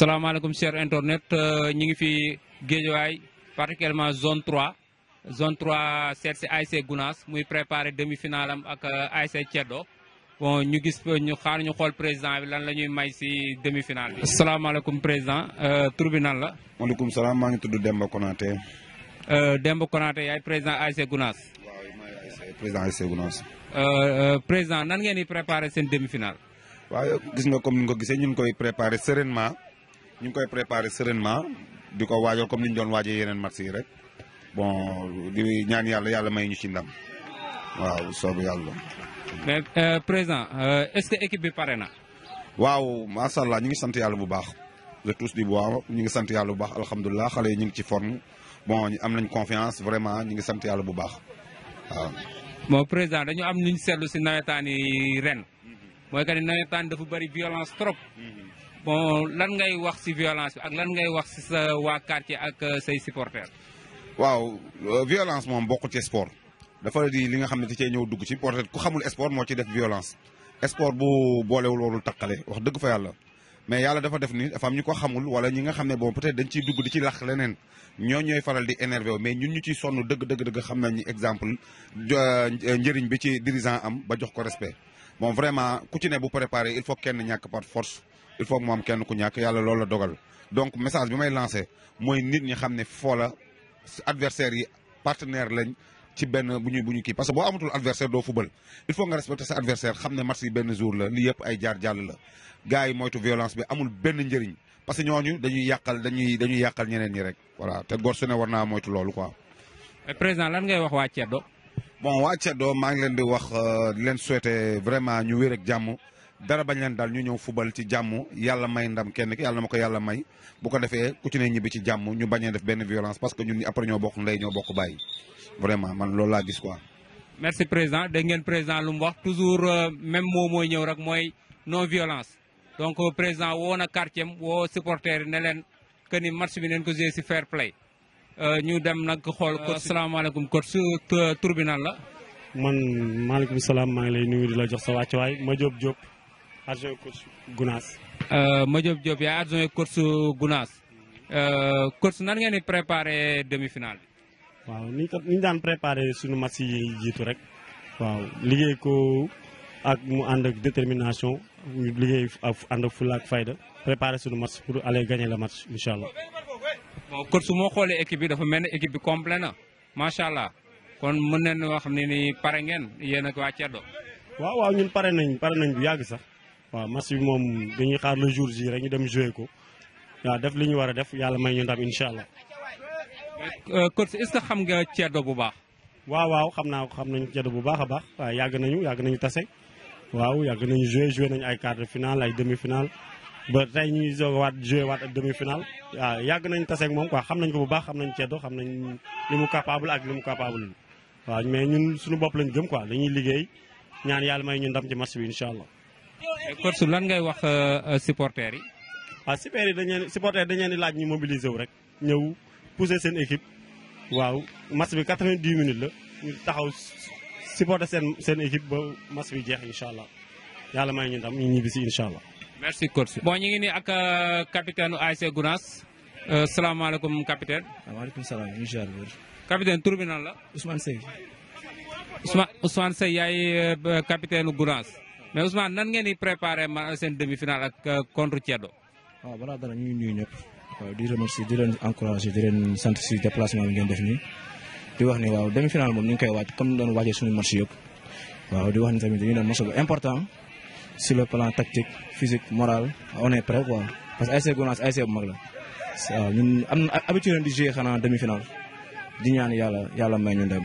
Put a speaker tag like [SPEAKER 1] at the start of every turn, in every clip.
[SPEAKER 1] salaamaaleykum cher internet euh, ñu ngi fi Guédiawaye particulièrement zone 3 zone 3 seet si ASC Gounass muy préparer demi-finale am ak euh, ASC Ceddo bon ñu gis ñu xaar ñu xool président bi lan la ñuy may si demi-finale bi. salaamaaleykum président euh, tur la. maaleykum salaam maa ngi tudd
[SPEAKER 2] Demba Konaté.
[SPEAKER 1] Demba Konaté yaay président ASC Gounass. waaw maay ASC président ASC Gounass. nan ngeen di préparé seen demi-finale. waaw gis nga
[SPEAKER 2] comme ni ko gisee ñu ngi koy préparé sereinement. ñu koy préparer sereinement di ko comme niñ doon waajee yenen match yi rek bon di ñaan yalla yalla may ñu ci ndam waaw soobu yàlla.
[SPEAKER 1] mais euh, président euh, est-ce que équipe bi paré na.
[SPEAKER 2] waaw sha allah ñu ngi sante yalla bu baax je tous di boire ñu ngi sante yalla bu baax alhamdullah xalé ñu ngi ci forme bon am nañ confiance vraiment ñu ngi sante yalla bu baax
[SPEAKER 1] mo président dañu am ñu seetlu ci nawetani ren. moy que ni dafa bari violence trop. Mm-hmm. bon lan ngay wax ci violence ak lan ngay wax ci sa waa quartier ak euh, say supporters.
[SPEAKER 2] waaw euh, violence mom bokk ci sport dafa di li nga xamné ci da dugg ci peut ku xamul sport mo ci def violence sport bu bolé wul warul takalé wax deug fa yalla mais yalla dafa def ni dafa am ñu xamul wala ñi nga xamné bon peut-être dañ ci dugg di ci lax lenen ñoo ñoy faral di énervé mais ñun ñu ci sonu deug deug deug xam nañ ni exemple euh, njëriñ bi ci dirigeant am ba jox ko respect bon vraiment ku ci né bu préparer il faut kenn ñak par force. il faut mu am kenn ku ñàkk yàlla loolu la dogal donc message bi may lancé mooy nit ñi xam ne foo la yi partenaire lañ ci benn bu ñu bu ñu kii parce que boo amatul adversaire doo fubal il faut nga respecter sa adversaire xam ne match yi benn jour la li yëpp ay jaar jàll la gars yi moytu violence bi amul benn njëriñ parce ñooñu dañuy yàqal dañuy dañuy yàqal ñeneen ñi rek voilà te góor su ne war naa moytu loolu quoi.
[SPEAKER 1] président lan ngay wax waa Ceddo. bon waa Ceddo
[SPEAKER 2] maa ngi leen euh, ñu wér ak dara bañ leen daal ñu ñëw fubal ci jàmm yàlla may ndam kenn ki yàlla ma ko yàlla may bu ko defee ku ci ne ñibbi ci jàmm ñu bañee def benn violence parce que ñun ñi après ñoo bokk ndey ñoo bokk bàyyi vraiment man loolu laa gis quoi.
[SPEAKER 1] merci président dégg ngeen président lu mu wax toujours euh, même moo mooy ñëw rek mooy non violence donc euh, président woo na quartier am woo supporter yi ne leen que ni match bi neen ko joué si fair play euh, ñu dem nag xool. waaw salaamaaleykum coach su tur la.
[SPEAKER 3] man maaleykum salaam maa ngi lay nuyu di jox sa wàccuwaay ma Diop Diop. adjoint coach Gounas. Euh, Madiop Diop yaay adjoint coach Gounas. Euh, coach nan demi-finale bi. waaw préparé suñu match rek. waaw liggéey détermination ñu liggéey ak préparé suñu match pour aller gagner le match incha allah. bon coach
[SPEAKER 1] moo xoolee équipe équipe allah kon mën nañu wax ne ni pare ngeen ak waa Ceddo.
[SPEAKER 3] waaw waaw ñun pare nañ nañ bu sax. waaw match bi moom dañuy xaar le jour ji rek ñu dem joué ko waaw def li ñu war a def yàlla may ñu ndam incha allah. Euh, coach est-ce que xam nga Ceddo bu baax. waaw waaw xam naa xam nañu Ceddo bu baax a baax waaw yàgg nañu yàgg nañu tase waaw yàgg nañu joué joué nañu ay quart de finale ay demi finaal ba tey ñuy soo waat joué waat ak demi finale waaw yàgg nañu tase ak moom quoi xam nañ ko bu baax xam nañ Ceddo xam nañ li mu capable ak li mu capable waaw mais ñun suñu bopp lañ gëm quoi dañuy liggéey ñaan yàlla may ñu ndam ci match bi incha allah. coach lan ngay wax euh, euh, supporters yi. waaw ah, supporters yi dañ leen supporters dañ laaj ñu mobiliser wu rek ñëw pousser seen équipe waaw match bi 90 minutes la ñu taxaw supporter seen seen équipe ba match bi jeex incha allah yàlla may ñu ndam ñu ñibbi si allah.
[SPEAKER 1] merci coach bon ñu ngi nii ak euh, capitaine ASC Gounass salaamaaleykum capitaine.
[SPEAKER 4] waaleykum salaam incha allah.
[SPEAKER 1] capitaine tur la. Ousmane Seye. Ousmane Ousmane Seye yaay capitaine Gounass. mais Ousmane nan ngeen ni préparer ma sen demi-finale ak euh, contre Ceddo.
[SPEAKER 4] wa ah, balaa dara ñuy ñuy ñep di remercier di len encourager di len sant ci déplacement bi ngeen def ni di wax ni waaw demi-finale mom ni ngi koy wacc comme doon waajee suñu match yëpp waaw di wax ni tamit dañu na match bu important sur le plan tactique physique moral on est prêt quoi parce que ASC gonas ASC bu mag la ñun am habitude di jouer xana demi-finale di ñaan yalla yalla may ñu dem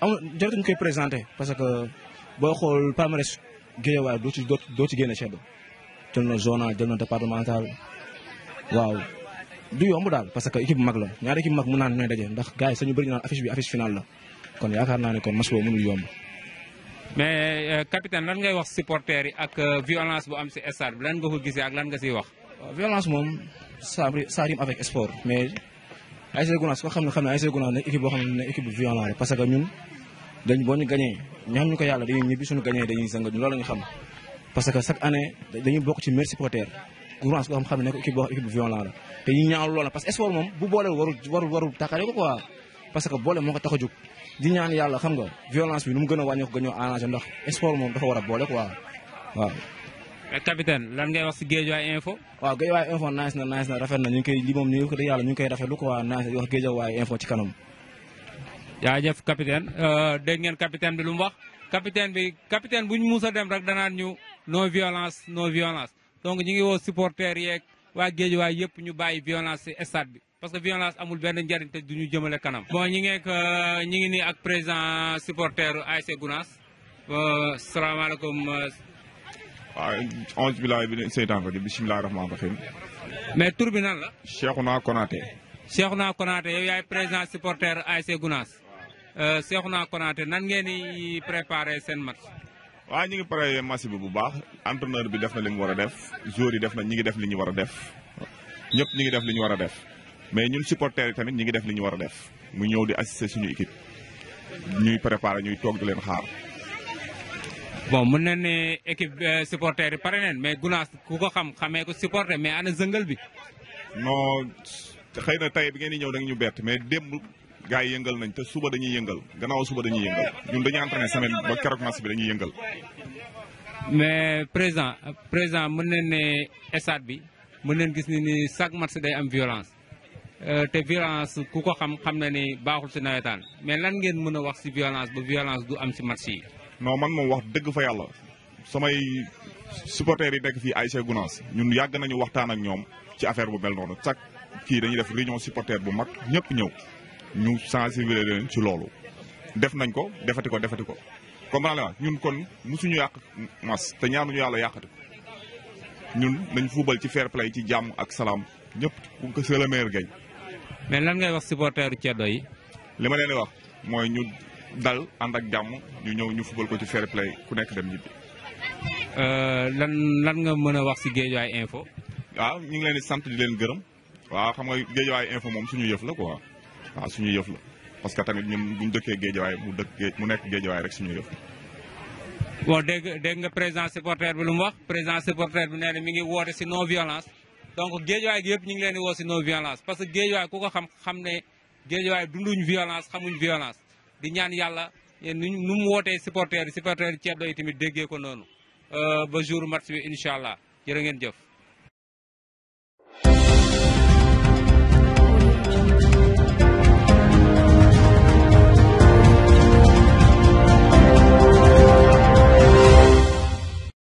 [SPEAKER 4] amul jarul ñu koy présenté parce que boo xool palmarès Guédiawaye doo ci doo ci génne Ceddo jël na zone jël na départemental waaw du yomb daal parce que équipe mag la ñaari équipe mag mun naan ñooy daje ndax gars yi sañu bëri ñu naan affiche bi affiche finale la kon yaakaar naa ne kon match boobu mënul yomb.
[SPEAKER 1] mais euh, capitaine lan ngay wax supporters yi ak euh, violence bu am si stade bi lan nga ko gisee ak lan nga siy wax.
[SPEAKER 4] violence moom ça ça rime avec sport mais. ASC Gounass ko xam ne xam ne ASC Gounass nekk équipe boo xam ne équipe bu violent rek parce que ñun dañ boo ñu gañee ñu ñu ko yàlla dañuy ñibbi suñu gañee dañuy sënga ñu loolu ñu xam parce que chaque année dañuy bokk ci meilleur supporter Gounass ko xam xam ne nekk équipe boo xam équipe bu violent la te ñu parce que moom bu boole warul warul boole moo tax a ñaan yàlla xam nga violence bi nu mu gën a wàññeeku gën a arrangé ndax sport moom dafa war a boole quoi waaw
[SPEAKER 1] Eh, capitaine lan ngay wax si Guédiawaye info
[SPEAKER 4] waaw Guédiawaye info nice na nice na rafet na ñu ngi koy moom ñu ngi yàlla ñu ngi koy rafetlu quoi nice wax Guédiawaye info ci kanam
[SPEAKER 1] jaajëf capitaine euh, dégg ngeen capitaine bi lu mu wax capitaine bi capitaine buñ musa dem rek danaan ñu non violence non violence donc ñu ngi woo supporters yeeg waa Guédiawaye yëpp ñu bàyyi violence si stade bi parce que violence amul benn njariñ te du ñu jëmale kanam bon ñu ngeek euh, ñu ngi ni ak président supporter ASC Gounass euh, salaamaaleykum
[SPEAKER 5] waaw onze bilaay bi seytaan rajim bisimilah rahmaani rahim. mais tur bi nan la. Cheikhouna Konaté.
[SPEAKER 1] Cheikhouna Konaté yow yaay président supporter ASC Gounass. Euh, Cheikhouna Konaté nan ngeen di préparé seen mat
[SPEAKER 5] waaw ñi ngi pare match bi bu baax entraîneur bi def na li mu war a def joueurs yi def na ñi ngi def li ñu war a def ñëpp ñi ngi def li ñu war a def mais ñun supporters yi tamit ñi ngi def li ñu war a def mu ñëw di assister suñu équipe ñuy préparé ñuy toog leen
[SPEAKER 1] bon mën na ne équipe euh, supporter yi pare neen mais Gounass ku ko xam xamee ko supporter mais ana zëngal bi.
[SPEAKER 5] non xëy na tey bi ngeen di ñëw da ñu bett mais démb gars yi yëngal nañ te suba dañuy yëngal gannaaw suba dañuy yëngal ñun dañuy entraîné semaine ba keroog match bi dañuy yëngal.
[SPEAKER 1] mais président président mën nañ ne stade bi mën nañ gis ni ni chaque match day am violence. Euh, te violence ku ko xam xam na ni baaxul si nawetaan mais lan ngeen mën a wax si violence ba violence du am si match yi.
[SPEAKER 5] non man moom wax dëgg fa yàlla samay supporters yi nekk fii ASC Gounass ñun yàgg nañu waxtaan ak ñoom ci affaire bu mel noonu chaque kii dañuy def réunion supporter bu mag ñëpp ñëw ñu sensibiliser leen ci loolu. def nañ ko defati ko defati ko comprendre la ñun kon musuñu yàq mas te ñaanuñu yàlla yàqati ko ñun nañ fuubal ci fair play ci jàmm ak salaam ñëpp pour que c'est le
[SPEAKER 1] ngay wax supporteru
[SPEAKER 5] ceddo yi. li ma leen wax mooy ñu. dal ànd ak jàmm ñu ñëw ñu fubal ko ci fair play ku nekk dem ñibbi.
[SPEAKER 1] Euh, lan nga mën a wax si Guédiawaye info.
[SPEAKER 5] waaw ñu ngi leen sant di leen gërëm waaw xam nga Guédiawaye info moom suñu yëf la quoi waaw suñu yëf la parce que tamit ñun buñ dëkkee Guédiawaye mu dëkk mu nekk Guédiawaye rek suñu yëf.
[SPEAKER 1] bon dégg dégg nga président supporter bi lu mu wax président supporter bi nee na mi ngi woote si non violence. donc Guédiawaye gi yëpp ñu ngi leen di woo non violence parce que Guédiawaye ku ko xam xam ne Guédiawaye dunduñ violence xamuñ di ñaan yàlla nu mu wootee supporters yi supporters yi Ceddo tamit déggee ko noonu euh, ba jour match bi incha allah jërë ngeen jëf.